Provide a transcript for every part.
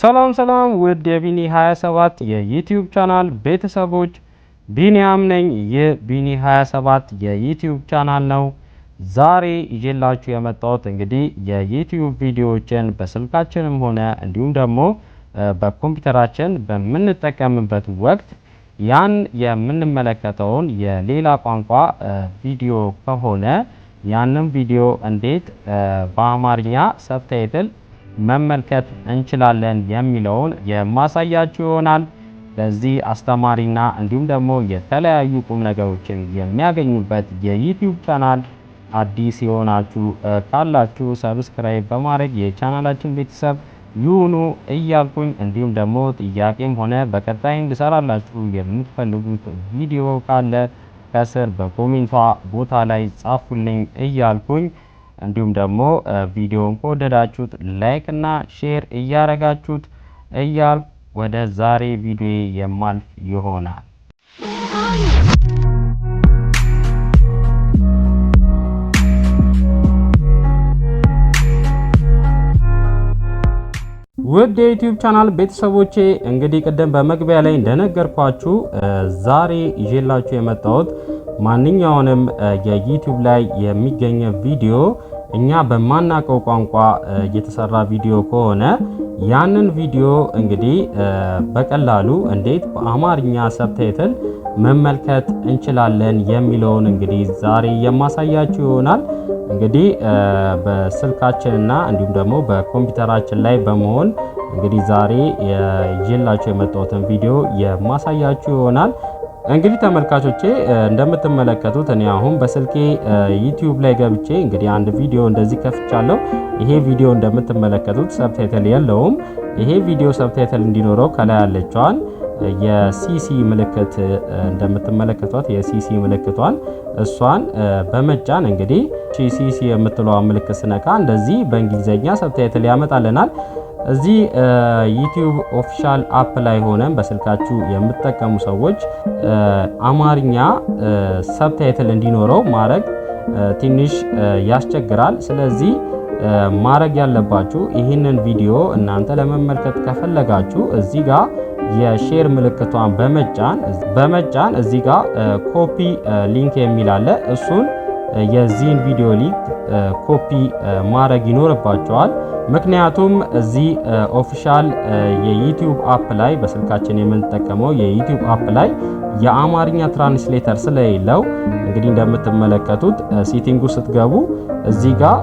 ሰላም ሰላም ውድ የቢኒ 27 የዩቲዩብ ቻናል ቤተሰቦች ቢኒያም ነኝ። ይህ ቢኒ 27 የዩቲዩብ ቻናል ነው። ዛሬ ይዤላችሁ የመጣሁት እንግዲህ የዩቲዩብ ቪዲዮዎችን በስልካችንም ሆነ እንዲሁም ደግሞ በኮምፒውተራችን በምንጠቀምበት ወቅት ያን የምንመለከተውን የሌላ ቋንቋ ቪዲዮ ከሆነ ያንን ቪዲዮ እንዴት በአማርኛ ሰብታይትል መመልከት እንችላለን የሚለውን የማሳያችሁ ይሆናል። በዚህ አስተማሪና እንዲሁም ደግሞ የተለያዩ ቁም ነገሮችን የሚያገኙበት የዩቲዩብ ቻናል አዲስ የሆናችሁ ካላችሁ ሰብስክራይብ በማድረግ የቻናላችን ቤተሰብ ይሁኑ እያልኩኝ እንዲሁም ደግሞ ጥያቄም ሆነ በቀጣይ እንድሰራላችሁ የምትፈልጉት ቪዲዮ ካለ ከስር በኮሜንቷ ቦታ ላይ ጻፉልኝ እያልኩኝ እንዲሁም ደግሞ ቪዲዮውን ከወደዳችሁት ላይክ እና ሼር እያረጋችሁት እያል ወደ ዛሬ ቪዲዮ የማልፍ ይሆናል። ውድ የዩቲዩብ ቻናል ቤተሰቦቼ እንግዲህ ቅድም በመግቢያ ላይ እንደነገርኳችሁ ዛሬ ይዤላችሁ የመጣሁት ማንኛውንም የዩቲዩብ ላይ የሚገኘ ቪዲዮ እኛ በማናቀው ቋንቋ የተሰራ ቪዲዮ ከሆነ ያንን ቪዲዮ እንግዲህ በቀላሉ እንዴት በአማርኛ ሰብታይትል መመልከት እንችላለን የሚለውን እንግዲህ ዛሬ የማሳያችሁ ይሆናል። እንግዲህ በስልካችንና እንዲሁም ደግሞ በኮምፒውተራችን ላይ በመሆን እንግዲህ ዛሬ ይዤላችሁ የመጣሁትን ቪዲዮ የማሳያችሁ ይሆናል። እንግዲህ ተመልካቾቼ እንደምትመለከቱት እኔ አሁን በስልኬ ዩቲዩብ ላይ ገብቼ እንግዲህ አንድ ቪዲዮ እንደዚህ ከፍቻለሁ። ይሄ ቪዲዮ እንደምትመለከቱት ሰብታይትል የለውም። ይሄ ቪዲዮ ሰብታይትል እንዲኖረው ከላይ ያለችዋን የሲሲ ምልክት እንደምትመለከቷት የሲሲ ምልክቷን እሷን በመጫን እንግዲህ ሲሲ የምትለዋ ምልክት ስነካ እንደዚህ በእንግሊዝኛ ሰብታይትል ያመጣልናል። እዚህ ዩቲዩብ ኦፊሻል አፕ ላይ ሆነን በስልካችሁ የምትጠቀሙ ሰዎች አማርኛ ሰብታይትል እንዲኖረው ማድረግ ትንሽ ያስቸግራል። ስለዚህ ማድረግ ያለባችሁ ይህንን ቪዲዮ እናንተ ለመመልከት ከፈለጋችሁ እዚህ ጋር የሼር ምልክቷን በመጫን በመጫን እዚህ ጋር ኮፒ ሊንክ የሚል አለ እሱን የዚህን ቪዲዮ ሊንክ ኮፒ ማድረግ ይኖርባቸዋል። ምክንያቱም እዚህ ኦፊሻል የዩቲዩብ አፕ ላይ በስልካችን የምንጠቀመው የዩቲዩብ አፕ ላይ የአማርኛ ትራንስሌተር ስለሌለው እንግዲህ እንደምትመለከቱት ሴቲንጉ ስትገቡ እዚህ ጋር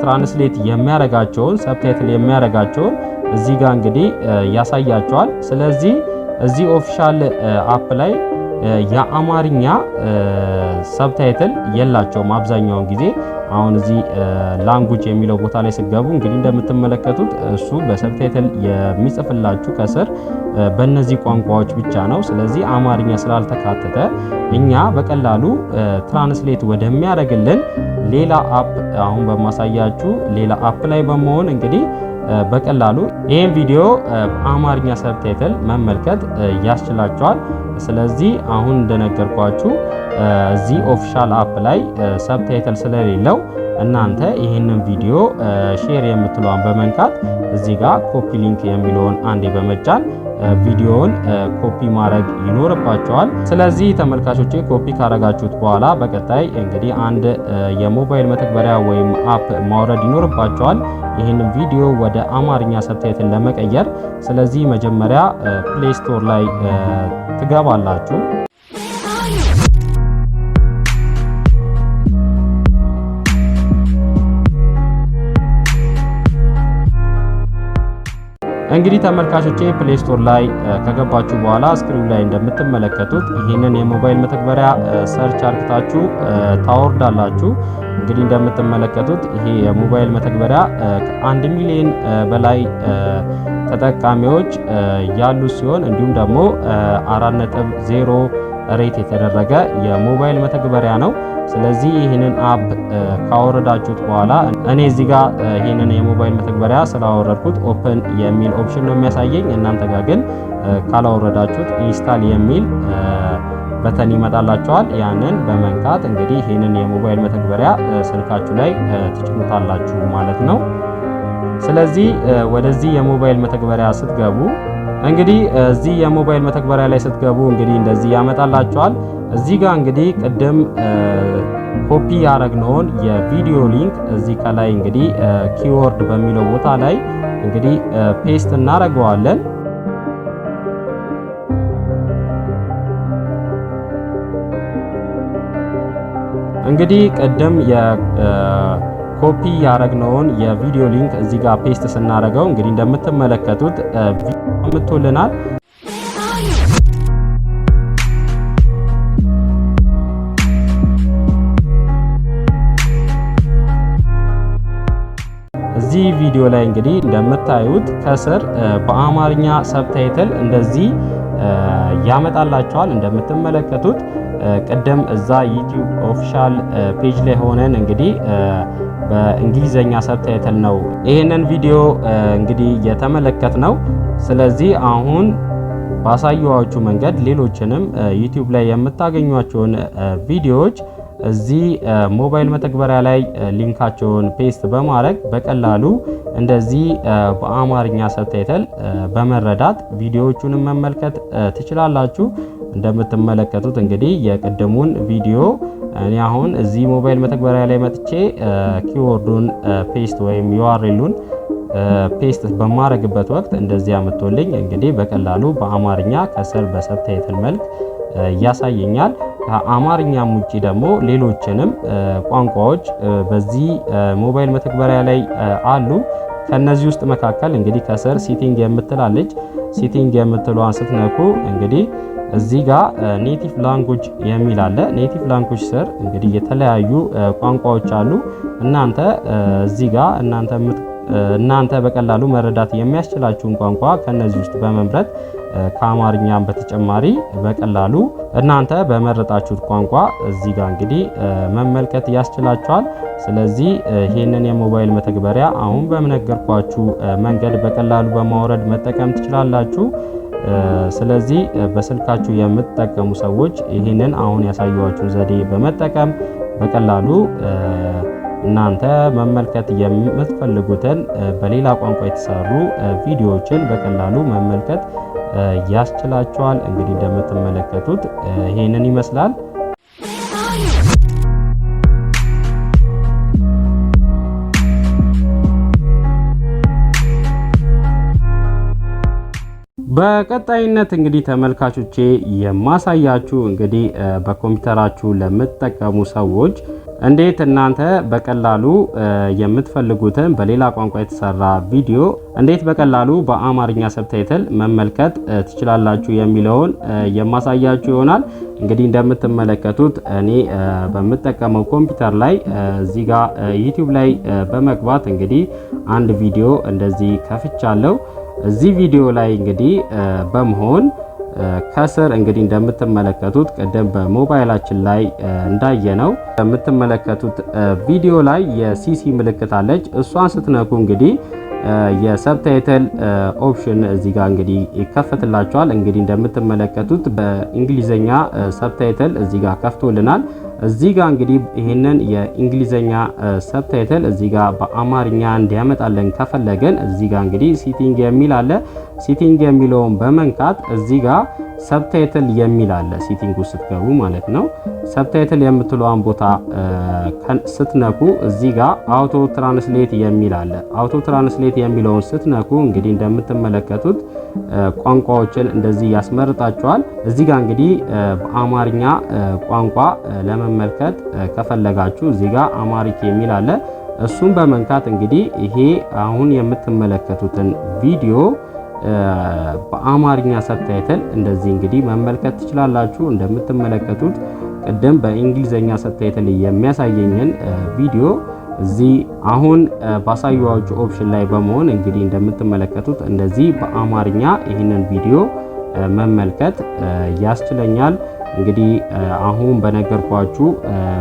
ትራንስሌት የሚያረጋቸውን ሰብታይትል የሚያረጋቸውን እዚህ ጋር እንግዲህ ያሳያቸዋል። ስለዚህ እዚህ ኦፊሻል አፕ ላይ የአማርኛ ሰብታይትል የላቸውም አብዛኛውን ጊዜ። አሁን እዚህ ላንጉጅ የሚለው ቦታ ላይ ስገቡ እንግዲህ እንደምትመለከቱት እሱ በሰብታይትል የሚጽፍላችሁ ከስር በእነዚህ ቋንቋዎች ብቻ ነው። ስለዚህ አማርኛ ስላልተካተተ እኛ በቀላሉ ትራንስሌት ወደሚያደርግልን ሌላ አፕ አሁን በማሳያችሁ ሌላ አፕ ላይ በመሆን እንግዲህ በቀላሉ ይህን ቪዲዮ በአማርኛ ሰብታይትል መመልከት ያስችላቸዋል። ስለዚህ አሁን እንደነገርኳችሁ እዚህ ኦፊሻል አፕ ላይ ሰብታይትል ስለሌለው እናንተ ይህንን ቪዲዮ ሼር የምትለዋን በመንካት እዚህ ጋር ኮፒ ሊንክ የሚለውን አንዴ በመጫን ቪዲዮውን ኮፒ ማድረግ ይኖርባቸዋል። ስለዚህ ተመልካቾቼ ኮፒ ካረጋችሁት በኋላ በቀጣይ እንግዲህ አንድ የሞባይል መተግበሪያ ወይም አፕ ማውረድ ይኖርባቸዋል ይህንን ቪዲዮ ወደ አማርኛ ሰብታይትን ለመቀየር። ስለዚህ መጀመሪያ ፕሌይ ስቶር ላይ ትገባላችሁ። እንግዲህ ተመልካቾቼ ፕሌይ ስቶር ላይ ከገባችሁ በኋላ ስክሪን ላይ እንደምትመለከቱት ይህንን የሞባይል መተግበሪያ ሰርች አርግታችሁ ታወርዳላችሁ። እንግዲህ እንደምትመለከቱት ይሄ የሞባይል መተግበሪያ ከአንድ ሚሊዮን በላይ ተጠቃሚዎች ያሉ ሲሆን እንዲሁም ደግሞ አራት ነጥብ ዜሮ ሬት የተደረገ የሞባይል መተግበሪያ ነው። ስለዚህ ይህንን አፕ ካወረዳችሁት በኋላ እኔ እዚህ ጋር ይህንን የሞባይል መተግበሪያ ስላወረድኩት ኦፕን የሚል ኦፕሽን ነው የሚያሳየኝ። እናንተ ጋር ግን ካላወረዳችሁት ኢንስታል የሚል በተን ይመጣላችኋል። ያንን በመንካት እንግዲህ ይህንን የሞባይል መተግበሪያ ስልካችሁ ላይ ትጭኑታላችሁ ማለት ነው። ስለዚህ ወደዚህ የሞባይል መተግበሪያ ስትገቡ እንግዲህ እዚህ የሞባይል መተግበሪያ ላይ ስትገቡ እንግዲህ እንደዚህ ያመጣላችኋል። እዚህ ጋር እንግዲህ ቅድም ኮፒ ያደረግነውን የቪዲዮ ሊንክ እዚህ ከላይ እንግዲህ ኪወርድ በሚለው ቦታ ላይ እንግዲህ ፔስት እናደርገዋለን። እንግዲህ ቅድም የኮፒ ያደረግነውን የቪዲዮ ሊንክ እዚህ ጋር ፔስት ስናደርገው እንግዲህ እንደምትመለከቱት ምቶልናል። እዚህ ቪዲዮ ላይ እንግዲህ እንደምታዩት ከስር በአማርኛ ሰብታይትል እንደዚህ ያመጣላቸዋል። እንደምትመለከቱት ቅድም እዛ ዩቲዩብ ኦፊሻል ፔጅ ላይ ሆነን እንግዲህ በእንግሊዘኛ ሰብታይትል ነው ይህንን ቪዲዮ እንግዲህ የተመለከት ነው። ስለዚህ አሁን ባሳየዋችሁ መንገድ ሌሎችንም ዩቲዩብ ላይ የምታገኟቸውን ቪዲዮዎች እዚህ ሞባይል መተግበሪያ ላይ ሊንካቸውን ፔስት በማድረግ በቀላሉ እንደዚህ በአማርኛ ሰብታይተል በመረዳት ቪዲዮዎቹንም መመልከት ትችላላችሁ። እንደምትመለከቱት እንግዲህ የቅድሙን ቪዲዮ እኔ አሁን እዚህ ሞባይል መተግበሪያ ላይ መጥቼ ኪወርዱን ፔስት ወይም ዩአርኤሉን ፔስት በማረግበት ወቅት እንደዚህ አምቶልኝ እንግዲህ በቀላሉ በአማርኛ ከስር በሰብታይትል መልክ ያሳየኛል። ከአማርኛም ውጭ ደግሞ ሌሎችንም ቋንቋዎች በዚህ ሞባይል መተግበሪያ ላይ አሉ። ከነዚህ ውስጥ መካከል እንግዲህ ከስር ሲቲንግ የምትላለች ሲቲንግ የምትለዋን ስትነኩ እንግዲህ እዚህ ጋር ኔቲቭ ላንጉጅ የሚል አለ። ኔቲቭ ላንጉጅ ስር እንግዲህ የተለያዩ ቋንቋዎች አሉ። እናንተ እዚህ ጋር እናንተ እናንተ በቀላሉ መረዳት የሚያስችላችሁን ቋንቋ ከነዚህ ውስጥ በመምረጥ ከአማርኛም በተጨማሪ በቀላሉ እናንተ በመረጣችሁት ቋንቋ እዚህ ጋር እንግዲህ መመልከት ያስችላችኋል። ስለዚህ ይህንን የሞባይል መተግበሪያ አሁን በምነገርኳችሁ መንገድ በቀላሉ በማውረድ መጠቀም ትችላላችሁ። ስለዚህ በስልካችሁ የምትጠቀሙ ሰዎች ይህንን አሁን ያሳየኋችሁ ዘዴ በመጠቀም በቀላሉ እናንተ መመልከት የምትፈልጉትን በሌላ ቋንቋ የተሰሩ ቪዲዮዎችን በቀላሉ መመልከት ያስችላቸዋል። እንግዲህ እንደምትመለከቱት ይህንን ይመስላል። በቀጣይነት እንግዲህ ተመልካቾቼ የማሳያችሁ እንግዲህ በኮምፒውተራችሁ ለምትጠቀሙ ሰዎች እንዴት እናንተ በቀላሉ የምትፈልጉትን በሌላ ቋንቋ የተሰራ ቪዲዮ እንዴት በቀላሉ በአማርኛ ሰብታይትል መመልከት ትችላላችሁ የሚለውን የማሳያችሁ ይሆናል። እንግዲህ እንደምትመለከቱት እኔ በምጠቀመው ኮምፒውተር ላይ እዚህ ጋር ዩቲዩብ ላይ በመግባት እንግዲህ አንድ ቪዲዮ እንደዚህ ከፍቻለሁ። እዚህ ቪዲዮ ላይ እንግዲህ በመሆን ከስር እንግዲህ እንደምትመለከቱት ቅድም በሞባይላችን ላይ እንዳየነው እንደምትመለከቱት ቪዲዮ ላይ የሲሲ ምልክት አለች። እሷን ስትነኩ እንግዲህ የሰብታይትል ኦፕሽን እዚህ ጋር እንግዲህ ይከፈትላቸዋል። እንግዲህ እንደምትመለከቱት በእንግሊዘኛ ሰብታይትል እዚህ ጋር ከፍቶልናል። እዚህ ጋር እንግዲህ ይህንን የእንግሊዘኛ ሰብታይትል እዚህ ጋር በአማርኛ እንዲያመጣለን ከፈለገን እዚህ ጋር እንግዲህ ሲቲንግ የሚል አለ። ሲቲንግ የሚለውን በመንካት እዚህ ጋር ሰብታይትል የሚል አለ ሴቲንግ ውስጥ ስትገቡ ማለት ነው። ሰብታይትል የምትለዋን ቦታ ስትነኩ እዚህ ጋር አውቶ ትራንስሌት የሚል አለ። አውቶ ትራንስሌት የሚለውን ስትነኩ እንግዲህ እንደምትመለከቱት ቋንቋዎችን እንደዚህ ያስመርጣቸዋል። እዚህ ጋር እንግዲህ በአማርኛ ቋንቋ ለመመልከት ከፈለጋችሁ እዚህ ጋር አማሪክ የሚል አለ። እሱን በመንካት እንግዲህ ይሄ አሁን የምትመለከቱትን ቪዲዮ በአማርኛ ሰብታይትል እንደዚህ እንግዲህ መመልከት ትችላላችሁ። እንደምትመለከቱት ቅድም በእንግሊዘኛ ሰብታይትል የሚያሳየኝን ቪዲዮ እዚህ አሁን ባሳየኋችሁ ኦፕሽን ላይ በመሆን እንግዲህ እንደምትመለከቱት እንደዚህ በአማርኛ ይህንን ቪዲዮ መመልከት ያስችለኛል። እንግዲህ አሁን በነገርኳችሁ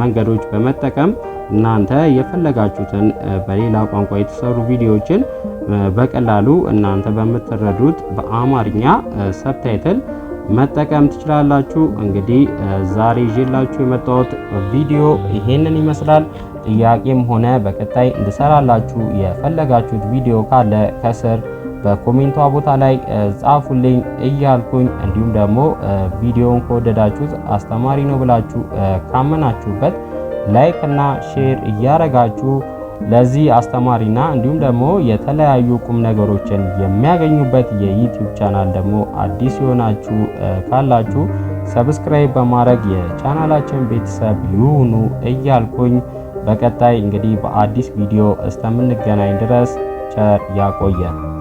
መንገዶች በመጠቀም እናንተ የፈለጋችሁትን በሌላ ቋንቋ የተሰሩ ቪዲዮዎችን በቀላሉ እናንተ በምትረዱት በአማርኛ ሰብታይትል መጠቀም ትችላላችሁ። እንግዲህ ዛሬ ይዤላችሁ የመጣሁት ቪዲዮ ይሄንን ይመስላል። ጥያቄም ሆነ በቀጣይ እንድሰራላችሁ የፈለጋችሁት ቪዲዮ ካለ ከስር በኮሜንቷ ቦታ ላይ ጻፉልኝ እያልኩኝ እንዲሁም ደግሞ ቪዲዮውን ከወደዳችሁት አስተማሪ ነው ብላችሁ ካመናችሁበት ላይክ እና ሼር እያረጋችሁ ለዚህ አስተማሪና እንዲሁም ደግሞ የተለያዩ ቁም ነገሮችን የሚያገኙበት የዩቲዩብ ቻናል ደግሞ አዲስ የሆናችሁ ካላችሁ ሰብስክራይብ በማድረግ የቻናላችን ቤተሰብ ይሁኑ እያልኩኝ በቀጣይ እንግዲህ በአዲስ ቪዲዮ እስከምንገናኝ ድረስ ቸር ያቆየን።